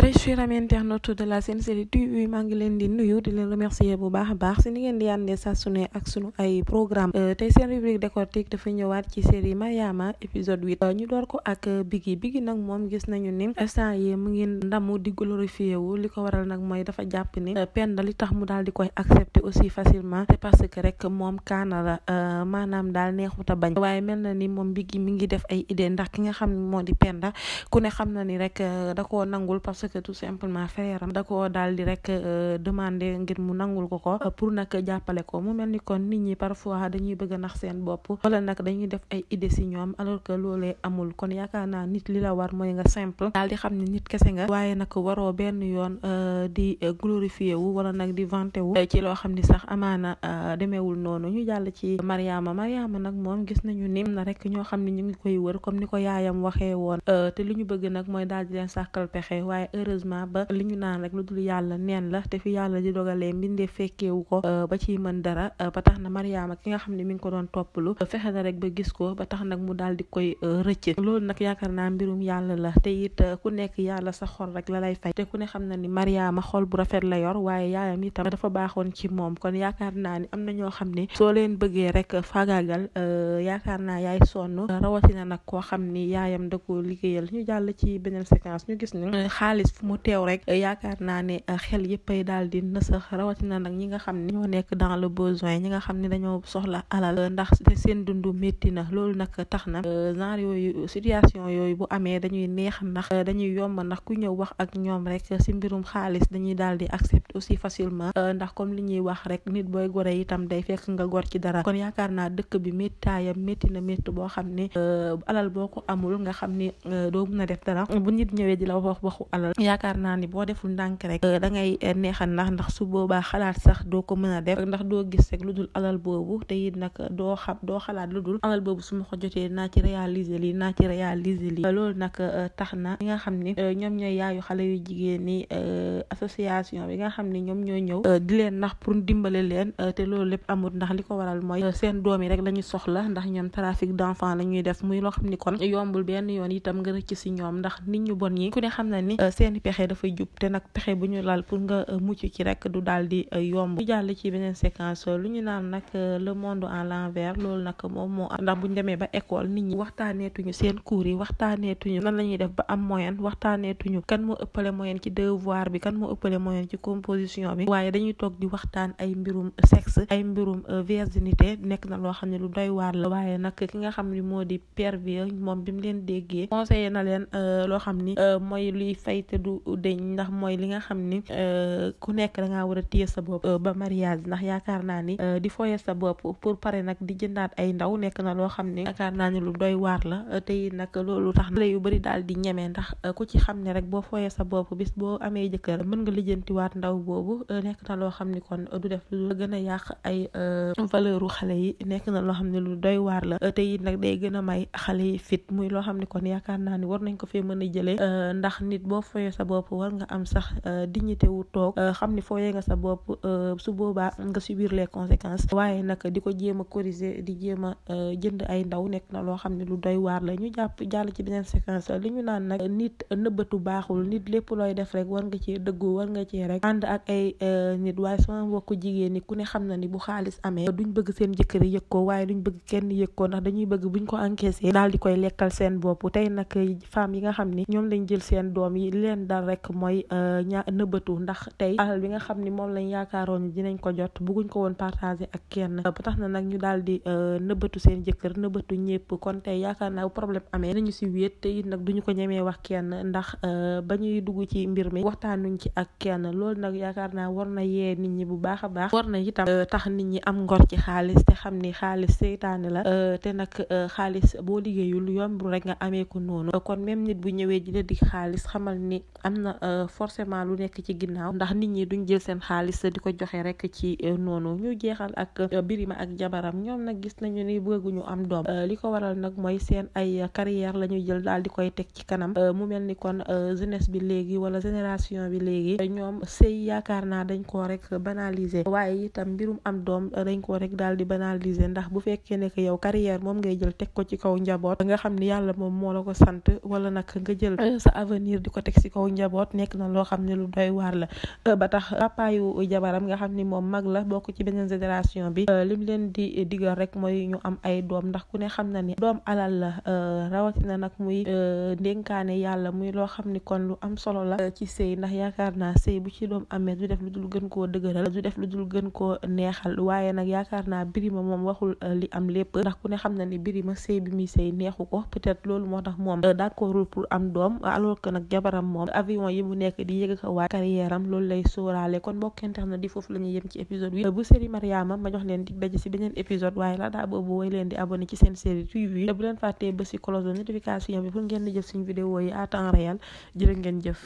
très chers amis internautes de la Sen Série TV maa ngi leen di nuyu di leen remercier bu baax a baax si ni ngeen di àndee saa ak sunu ay programme euh, te seen rubrique décortique dafa ñëwaat ci série Mariama épisode huit euh, ñu door ko ak Biggi euh, Biggi nag moom gis nañu ni instant yi mu ngi ndamu di glorifié wu li ko waral nag mooy dafa jàpp ni Penda li tax mu daal di koy accepter aussi facilement c'est parce que rek moom kaana la maanaam daal neexut bañ waaye mel na ni moom Biggi mi ngi def ay idée ndax ki nga xam moo di Penda ku xam na ni rek da koo nangul que tout simplement frère am da koo daal di rek euh, demander ngir mu nangul ko ko euh, pour nag jàppale ko mu mel ni kon nit ñi parfois dañuy bëgg nax seen bopp wala nag dañuy def ay idées si ñoom alors que loolee amul kon yaakaar naa nit li la war mooy nga simple daal di xam ni nit kese nga waaye nag waroo benn yoon euh, di glorifier wu wala nag di vanter wu ci loo xam ni sax amaana demeewul noonu ñu jàll ci Mariama Mariama nag moom gis nañu nim na rek ñoo xam ni ñu ngi koy wër comme ni ko yaayam waxee woon te li ñu nag mooy heureusement ba li la te fi yàlla di dogalee mbindee fekkeewu ko euh, ba ciy mën dara euh, ba tax na Mariama ki nga xam ne mi ngi ko doon toppalu euh, fexe na rek ba gis ko ba tax nag mu daal di koy rëcc loolu nag yaakaar na mbirum yàlla la te it ku nekk yàlla sa xol rek la lay fay te ku ne xam na ni Mariama xol bu rafet la yor waaye yaayam itam dafa baaxoon ci moom kon yaakaar naa ni am na ñoo xam ni soo leen bëggee rek faagaagal yaakaar naa yaay sonn rawatina nag koo xam ni yaayam da ko liggéeyal ñu jàll xaalis fu mu teew rek yaakaar naa ne ah, xel yëppay daal di nësax rawatina nag ñi nga xam ne ñoo nekk dans le besoin ñi nga xam ne dañoo soxla alal ndax seen dundu métti na loolu nag tax na euh, genre yooyu situation yooyu bu amee dañuy neex ndax euh, dañuy yomb ndax ku ñëw wax ak ñoom rek si mbirum xaalis dañuy daal di accepter aussi facilement euh, ndax comme li ñuy wax rek nit booy gore itam day fekk nga gor ci dara kon yaakaar naa dëkk bi méttaayam métti na métti boo xam ne alal boo ko amul nga xam ni doo mun def dara bu nit ñëwee di waxu alal jaral yaakaar naa ni boo deful ndànk rek euh, da ngay euh, neexal ndax ndax su boobaa xalaat sax doo ko mën a def ndax doo gis rek lu dul alal boobu te it nag doo xam doo xalaat lu dul alal boobu su ma ko jotee naa ci réalisé lii naa ci réaliser lii loolu nag euh, tax na li nga xam ni ñoom ñooy yaayu xale yu jigéen ni association bi nga xam ni ñoom ñoo ñëw di leen ndax pour dimbale leen te loolu lépp amul ndax li ko waral mooy seen doom yi rek la ñu soxla ndax ñoom trafic d'enfant la ñuy def muy loo xam ni kon yombul benn yoon itam nga rëcc si ñoom ndax seeni pexe dafay jub te nag pexe bu ñu lal pour nga euh, mucc ci rek du dal di euh, yomb ñu jàll ci beneen séquence euh, lu ñu naan nag le monde en l'envers lool nag moom moo am ndax bu ba école ni ñi waxtaaneetuñu seen cours yi waxtaaneetuñu nan la ñu def ba am moyenne waxtaaneetuñu kan moo ëppale moyenne ci devoir bi kan moo ëppale moyenne ci composition bi waaye dañuy toog di waxtaan ay mbirum sexe ay mbirum virginité nekk na loo xam ne lu doy waar la waaye nag ki nga xam ni moo di pervers moom bi mu leen déggee te du deñ ndax mooy li nga xam ni euh, ku nekk da ngaa war a téye sa bopp euh, ba mariage ndax yaakaar naa ni euh, di foye sa bopp pour pare nag di jëndaat ay ndaw nekk na loo xam ne yaakaar naa ni lu doy waar la te it nag loolu tax na yu bëri daal di ñeme ndax ku ci xam ne rek boo foye sa bopp bis boo amee jëkkër mën nga lijjantiwaat ndaw boobu nekk na loo xam ni kon du def lu gën a yàq ay valeuru xale yi nekk na loo xam ne lu doy waar la te nag day gën a may xale yi fit muy loo xam ni kon yaakaar naa ni war nañ ko fee mën a jëlee ndax nit boo fooyee sa bopp war nga am sax euh, dignité wu toog euh, xam ni fooyee nga sa bopp euh, waaye nag di ko jéem a corriger di jéem a jënd ay ndaw nekk na loo xam ne lu doy waar la ñu jàpp jàll ci séquence li ñu naan nag nit nëbbatu baaxul nit lépp looy def rek war nga ci dëggu war nga ci rek and ak ay nit waaye sama mbokku jigéen ñi ku ne xam na ni bu xaalis amee duñ bëgg seen jëkkër yëg ko waaye duñ bëgg kenn yëg ko ndax dañuy bëgg buñ ko encaissé daal di koy lekkal seen bopp tey nag femmes yi nga xam ni ñoom lañ jël seen doom yi leen dal rek mooy euh, ña nëbbatu ndax tey alal bi nga xam ni moom lañ yaakaaroon ni dinañ ko jot bëgguñ ko woon partagé ak kenn euh, ba tax na nag ñu daal di euh, nëbbatu seen jëkkër nëbbatu ñëpp kon tey yaakaar naa problème amee nañu si wéet te it nag duñu ko ñemee wax kenn ndax ba ñuy dugg ci mbir mi waxtaanuñ ci ak kenn loolu nag yaakaar naa war na yee nit ñi bu baax a baax war na itam tax nit ñi am ngor ci xaalis te xam ni xaalis seytaane la te nag xaalis boo liggéeyul yombul rek nga amee ko noonu kon même nit bu ñëwee ji la di ni am na euh, forcement lu nekk ci ginnaaw ndax nit ñi duñ jël seen xaalis di ko joxe rek ci euh, noonu ñu jeexal ak euh, Birima ak jabaram ñoom nag gis nañu ni bëgguñu am doom li ko waral nag mooy seen ay carrière la ñu jël daal di koy teg ci kanam mu mel ni kon jeunesse bi léegi wala génération bi léegi ñoom sëy yaakaar naa dañ koo rek banaliser waaye itam mbirum am doom dañ ko rek daal di banaliser ndax bu fekkee ne que yow carrière moom ngay jël teg ko ci kaw njaboot nga xam ni sant ci kaw njaboot nekk na loo xam ne lu doy waar la euh, ba tax papaayu jabaram nga xam ni moom mag la bokk ci beneen génération bi euh, lim leen di digal rek mooy ñu am ay doom ndax ku ne xam na ni doom alal la euh, rawatina nag muy ndénkaane yàlla muy loo xam ni kon lu am solo la ci sëy ndax yaakaar naa sëy bu ci doom amee du def lu dul gën koo dëgëral du def lu dul gën koo neexal waaye nag yaakaar naa birima moom waxul li am lépp ku ne xam na ni birima sëy bi mi sëy neexu ko peut-être loolu moo tax moom d'accordul am doom alors que nag jabaram moom avion yi mu nekk di yëg ko waat carrière am loolu lay sóoraale kon mbokk internet di foofu la yem ci épisode bi bu série Mariama ma jox leen di daje si beneen épisode waaye laataa boobu woy leen di abonné ci seen série TV te bu leen fàttee ba si cloche de notification bi pour ngeen di jëf suñu vidéo yi à temps réel jërë ngeen jëf